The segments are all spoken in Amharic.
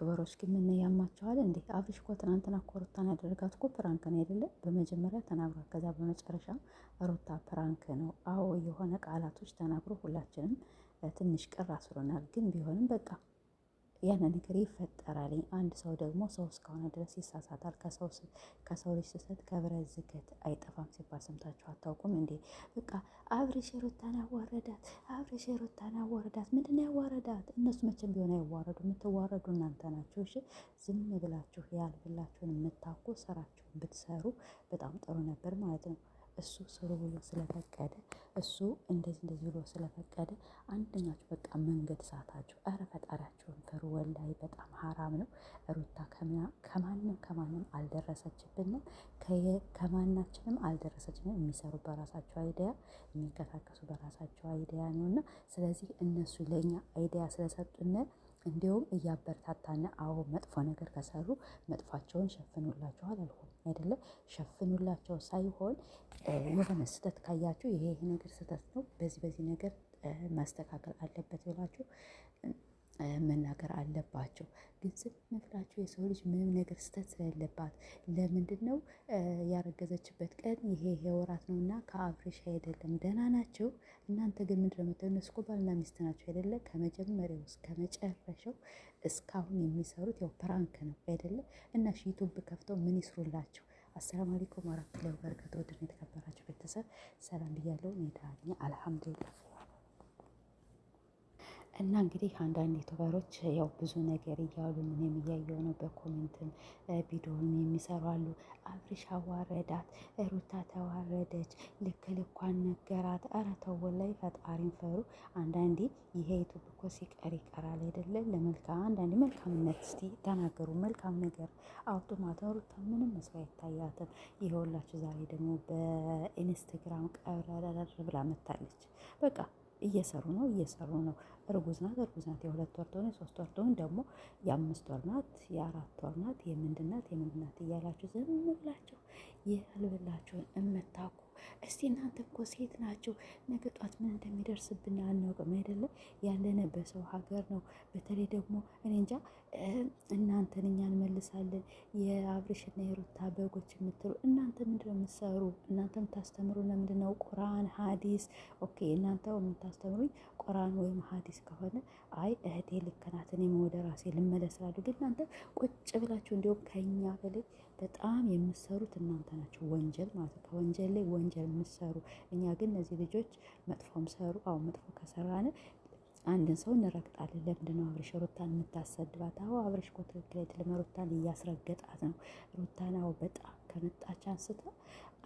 ዩቱበሮች ግን ምን ያማቸዋል እንዴ? አብርሽ እኮ ትናንትና እኮ ሩታን ያደረጋት እኮ ፕራንክ ነው አይደለ? በመጀመሪያ ተናግሯል። ከዛ በመጨረሻ ሩታ ፕራንክ ነው አዎ የሆነ ቃላቶች ተናግሮ ሁላችንም ትንሽ ቅር አስሮናል። ግን ቢሆንም በቃ ያን ነገር ይፈጠራል። አንድ ሰው ደግሞ ሰው እስከሆነ ድረስ ይሳሳታል። ከሰው ልጅ ስህተት ከብረት ዝገት አይጠፋም ሲባል ሰምታችሁ አታውቁም እንዴ? በቃ አብርሽ ሩታን ያዋረዳት፣ አብርሽ ሩታን ያዋረዳት። ምንድን ያዋረዳት? እነሱ መቼም ቢሆን አይዋረዱ። የምትዋረዱ እናንተ ናችሁ። እሺ ዝም ብላችሁ ያልብላችሁን የምታውቁ ስራችሁን ብትሰሩ በጣም ጥሩ ነበር ማለት ነው። እሱ ስሩ ብሎ ስለፈቀደ እሱ እንደዚህ እንደዚህ ብሎ ስለፈቀደ አንደኛችሁ በቃ መንገድ ሳታችሁ። ረ ፈጣሪያችሁን ፍሩ። ወላሂ በጣም ሀራም ነው። ሩታ ከማንም ከማንም አልደረሰችብንም፣ ከማናችንም አልደረሰችንም። የሚሰሩ በራሳቸው አይዲያ፣ የሚንቀሳቀሱ በራሳቸው አይዲያ ነው እና ስለዚህ እነሱ ለእኛ አይዲያ ስለሰጡን እንዲሁም እያበረታታና አዎ መጥፎ ነገር ከሰሩ መጥፋቸውን ሸፍኑላቸዋል አልሆን አይደለ ሸፍኑላቸው ሳይሆን የሆነ ስህተት ካያችሁ ይሄ ይሄ ነገር ስህተት ነው፣ በዚህ በዚህ ነገር ማስተካከል አለበት ብላችሁ መናገር አለባቸው። ግልጽ ነግራችሁ የሰው ልጅ ምንም ነገር ስተት ስለሌለባት ለምንድን ነው ያረገዘችበት ቀን ይሄ የወራት ነው እና ከአብሬሽ አይደለም። ደህና ናቸው። እናንተ ግን ምንድን ነው የምትሆኑ? እነሱ እኮ ባልና ሚስት ናቸው አይደለ? ከመጀመሪያው እስከ መጨረሻው እስካሁን የሚሰሩት ያው ፕራንክ ነው አይደለ? እና ዩቱብ ከፍተው ምን ይስሩላቸው? አሰላም አለይኩም ወራህመቱላሂ ወበረካቱህ። ውድና የተከበራችሁ ቤተሰብ ሰላም ብያለሁ። ሜዳ አልሐምዱሊላህ እና እንግዲህ አንዳንድ ዩቱበሮች ያው ብዙ ነገር እያሉ ምን የሚያየው ነው። በኮሜንትም ቪዲዮን የሚሰሩ አሉ። አብርሽ አዋረዳት፣ ሩታ ተዋረደች፣ ልክ ልኳን ነገራት። ኧረ ተው ወላሂ ፈጣሪን ፈሩ። አንዳንዴ ይሄ ዩቱብ እኮ ሲቀር ይቀራል አይደለም። ለመልካም አንዳንዴ መልካምነት እስቲ ተናገሩ፣ መልካም ነገር አውጡ። ማታ ሩታ ምንም መስሪያ አይታያትም። ይኸውላችሁ ዛሬ ደግሞ በኢንስታግራም ቀብረረር ብላ መታለች። በቃ እየሰሩ ነው እየሰሩ ነው። እርጉዝ ናት፣ እርጉዝ ናት፣ የሁለት ወር ትሆን የሶስት ወር ትሆን ደግሞ የአምስት ወር ናት፣ የአራት ወር ናት፣ የምንድን ናት፣ የምንድን ናት እያላችሁ ዝም ብላችሁ የህልብላችሁን እምታውቁ እስቲ እናንተ እኮ ሴት ናችሁ። ነገ ጧት ምን እንደሚደርስብን አናውቅም አይደለም? ያለነ በሰው ሀገር ነው። በተለይ ደግሞ እኔ እንጃ እናንተን እኛ እንመልሳለን የአብርሽና የሩታ በጎች የምትሉ እናንተ ምንድነው የምትሰሩ? እናንተ የምታስተምሩ ለምንድነው? ቁርአን ሀዲስ። ኦኬ እናንተ የምታስተምሩኝ ቁርአን ወይም ሀዲስ ኬስ ከሆነ አይ እህቴ ልክ ናት፣ እኔም ወደ ራሴ ልመለስ ላሉ ግን እናንተ ቁጭ ብላችሁ እንዲሁም ከኛ በላይ በጣም የምሰሩት እናንተ ናቸው። ወንጀል ማለት ነው። ከወንጀል ላይ ወንጀል የምሰሩ እኛ ግን እነዚህ ልጆች መጥፎም ሰሩ። አሁን መጥፎ ከሰራን አንድን ሰው እንረግጣለን። ለምንድን ነው አብርሽ ሩታን የምታሰድባት? አሁ አብርሽ እኮ ትክክል አይደለም። ሩታን እያስረገጣት ነው። ሩታን አሁ በጣም ከመጣች አንስታ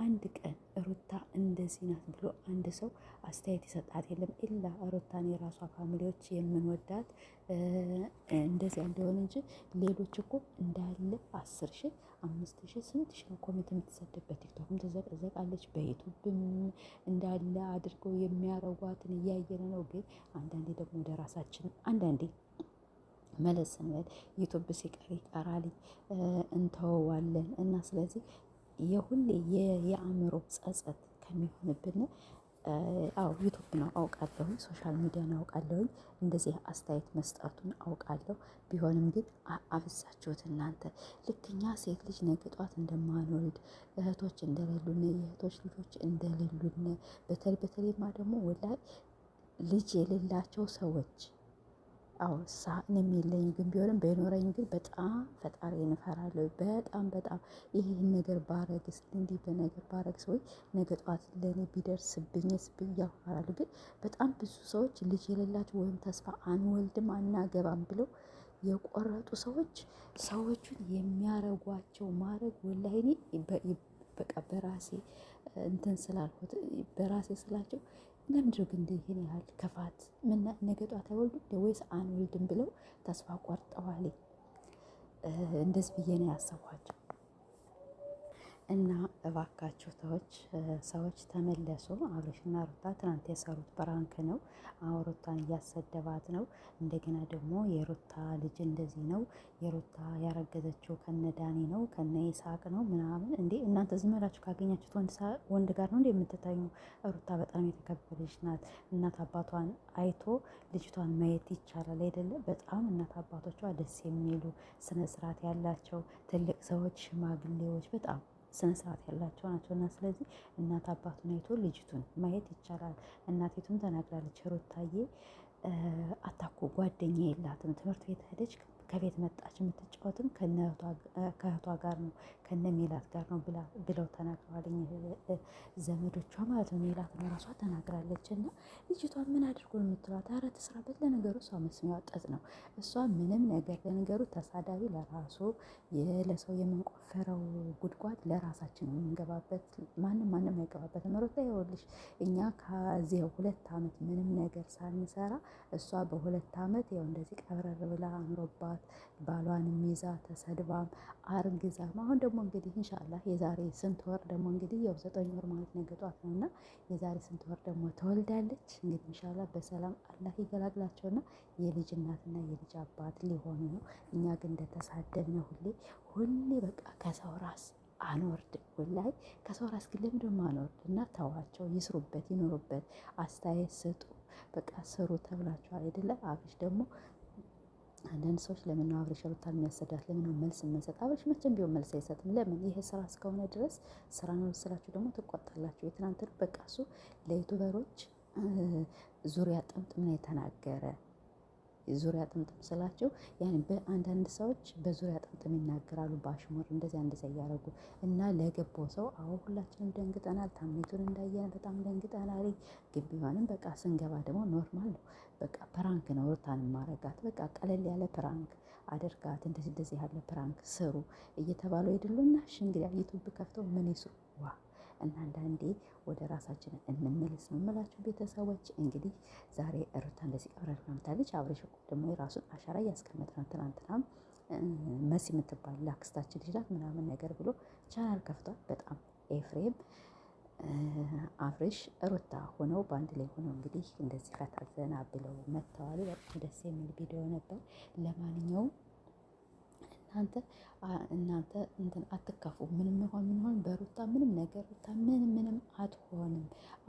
አንድ ቀን ሩታ እንደዚህ ናት ብሎ አንድ ሰው አስተያየት ይሰጣት የለም። ኢላ ሩታን የራሷ ፋሚሊዎች የምንወዳት እንደዚያ እንደሆነ እንጂ ሌሎች እኮ እንዳለ አስር ሺ አምስት ሺ ስንት ሺ ነው ኮሜንት የምትሰድበት። ቲክቶክም ትዘቀዘቃለች በዩቱብም እንዳለ አድርገው የሚያረጓትን እያየን ነው። ግን አንዳንዴ ደግሞ ወደ ራሳችን አንዳንዴ መለስ ስንል ዩቱብ ሲቀር ይቀራል እንተወዋለን እና ስለዚህ የሁሌ የአእምሮ ጸጸት ከሚሆንብን አዎ ዩቱብ ነው አውቃለሁ፣ ሶሻል ሚዲያ ነው አውቃለሁኝ። እንደዚህ አስተያየት መስጠቱን አውቃለሁ። ቢሆንም ግን አብዛችሁት እናንተ። ልክኛ ሴት ልጅ ነገ ጧት እንደማንወልድ እህቶች እንደሌሉን የእህቶች ልጆች እንደሌሉን በተለይ በተለይማ ደግሞ ወላይ ልጅ የሌላቸው ሰዎች አወሳ እኔም የለኝም ግን ቢሆንም በኖረኝ ግን በጣም ፈጣሪ እንፈራለሁ። በጣም በጣም ይህን ነገር ባረግስ እንዲህ በነገር ባረግስ፣ ወይ ነገ ጠዋት ለእኔ ቢደርስብኝ ስብኝ ያፈራሉ። ግን በጣም ብዙ ሰዎች ልጅ የሌላቸው ወይም ተስፋ አንወልድም አናገባም ብለው የቆረጡ ሰዎች ሰዎቹን የሚያረጓቸው ማድረግ ወላሂ በቃ በራሴ እንትን ስላልኩት በራሴ ስላቸው ለምንድነው ግን ይህን ያህል ክፋት? ነገ ጧት አይወልዱም ወይስ አንወልድም ብለው ተስፋ ቆርጠዋል? እንደዚህ ብዬ ነው ያሰብኳቸው። እና እባካችሁ ሰዎች ሰዎች ተመለሱ። አብርሽና ሩታ ትናንት የሰሩት ብራንክ ነው። ሩታን እያሰደባት ነው። እንደገና ደግሞ የሩታ ልጅ እንደዚህ ነው፣ የሩታ ያረገዘችው ከነ ዳኒ ነው ከነ ይስሐቅ ነው ምናምን። እንዴ እናንተ ዝም ብላችሁ ካገኛችሁት ወንድ ጋር ነው እንደ የምትታኙ? ሩታ በጣም የተከበረች ናት። እናት አባቷን አይቶ ልጅቷን ማየት ይቻላል አይደለም? በጣም እናት አባቶቿ ደስ የሚሉ ስነስርዓት ያላቸው ትልቅ ሰዎች፣ ሽማግሌዎች በጣም ስነስርዓት ያላቸው ናቸው እና ስለዚህ እናት አባቱን አይቶ ልጅቱን ማየት ይቻላል። እናቴቱም ተናግራለች ሩታዬ አታኮ ጓደኛ የላትም ትምህርት ቤት ሄደች ከቤት መጣች የምትጫወትም ከእህቷ ጋር ነው ከነ ሜላት ጋር ነው ብለው ተናግረዋል። ዘመዶቿ ማለት ነው። ሜላት ራሷ ተናግራለች። እና ልጅቷ ምን አድርጎ የምትሏት አረ ትስራበት። ለነገሩ እሷ መስሚያ ጠጥ ነው። እሷ ምንም ነገር ለነገሩ ተሳዳቢ ለራሱ ለሰው የምንቆፈረው ጉድጓድ ለራሳችን ነው የምንገባበት። ማንም ማንም አይገባበት። መሮታ ይኸውልሽ እኛ ከዚህ ሁለት ዓመት ምንም ነገር ሳንሰራ እሷ በሁለት ዓመት ያው እንደዚህ ቀብረር ብላ አምሮባት ናት። ባሏንም ይዛ ተሰድባም አርግዛም አሁን ደግሞ እንግዲህ እንሻላ የዛሬ ስንት ወር ደግሞ እንግዲህ ያው ዘጠኝ ወር ማለት ነገ ጧት ነው እና የዛሬ ስንት ወር ደግሞ ተወልዳለች። እንግዲህ እንሻላ በሰላም አላህ ይገላግላቸውና የልጅ እናትና የልጅ አባት ሊሆኑ ነው። እኛ ግን እንደተሳደብነ ሁሌ ሁሌ በቃ ከሰው ራስ አንወርድ ሁላይ ከሰው ራስ ግን ለምን ደግሞ አንወርድ እና ተዋቸው፣ ይስሩበት፣ ይኖሩበት፣ አስተያየት ስጡ። በቃ ስሩ ተብላቸው አይደለ አብሽ ደግሞ አንዳንድ ሰዎች ለምን ነው አብረሽ ሩታን የሚያሰዳት? ለምን ነው መልስ የምንሰጥ? አብረሽ መቼም ቢሆን መልስ አይሰጥም። ለምን? ይሄ ስራ እስከሆነ ድረስ ስራ ነው። ስራችሁ ደግሞ ትቆጣላችሁ። የትናንትን በቃ እሱ ለዩቱበሮች ዙሪያ ጥምጥም ነው የተናገረ ዙሪያ ጥምጥም ስላቸው ያን በአንዳንድ ሰዎች በዙሪያ ጥምጥም ይናገራሉ፣ በአሽሙር እንደዚያ እንደዚያ እያደረጉ እና ለገባው ሰው አዎ ሁላችንም ደንግጠናል። ታምኔቱን እንዳየን በጣም ደንግጠናል። ግን ቢሆንም በቃ ስንገባ ደግሞ ኖርማል ነው። በቃ ፕራንክ ነው ሩታን ማረጋት። በቃ ቀለል ያለ ፕራንክ አደርጋት፣ እንደዚህ እንደዚህ ያለ ፕራንክ ስሩ እየተባሉ አይደሉና እሺ ዩቱብ ከፍተው ምን ይስሩ ዋ እና አንዳንዴ ወደ ራሳችን እንመለስ ነው የምላችሁ ቤተሰቦች። እንግዲህ ዛሬ ሩታ እንደዚህ ቀብረን ናምታለች። አብሬሽ ደግሞ የራሱን አሻራ እያስቀመጥ ነው። ትናንትናም መሲ የምትባል ላክስታችን ልጅ ናት ምናምን ነገር ብሎ ቻናል ከፍቷል። በጣም ኤፍሬም አብሬሽ ሩታ ሆነው በአንድ ላይ ሆነው እንግዲህ እንደዚህ ፈታ ዘና ብለው መተዋሉ በጣም ደስ የሚል ቪዲዮ ነበር። ለማንኛውም እናንተ እናንተ እንትን አትከፉ። ምንም ይሆን ምን ይሆን በሩታ ምንም ነገር ሩታ ምንም ምንም አትሆንም።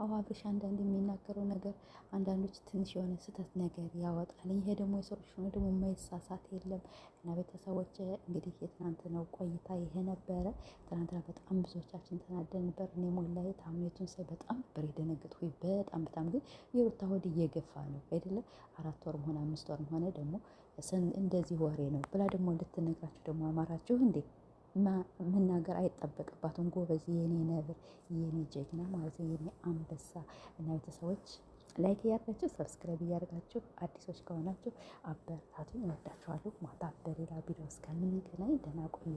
አዋብሽ አንዳንድ የሚናገረው ነገር አንዳንዶች ትንሽ የሆነ ስህተት ነገር ያወጣል። ይሄ ደግሞ የሰዎች ሆነ ደግሞ መሳሳት የለም እና ቤተሰቦች እንግዲህ የትናንት ነው ቆይታ ይሄ ነበረ። ትናንትና በጣም ብዙዎቻችን ተናደን ነበር። እኔ ሞላዬ ታምኔቱን ሳይ በጣም ነበር የደነገጥኩኝ። በጣም በጣም ግን የሩታ ሆድ እየገፋ ነው አይደለም አራት ወርም ሆነ አምስት ወርም ሆነ ደግሞ እንደዚህ ወሬ ነው ብላ ደግሞ እንድትነግራችሁ ደግሞ አማራችሁ እንዴ? መናገር አይጠበቅባትም። ጎበዝ፣ የኔ ነብር፣ የኔ ጀግና ማለት ነው፣ የኔ አንበሳ እና ቤተሰቦች ላይክ እያደረጋችሁ ሰብስክራይብ እያደረጋችሁ አዲሶች ከሆናችሁ አበረታቱኝ። እወዳችኋለሁ። ማታ በሌላ ቪዲዮ እስከምንገናኝ ደህና ቆዩ።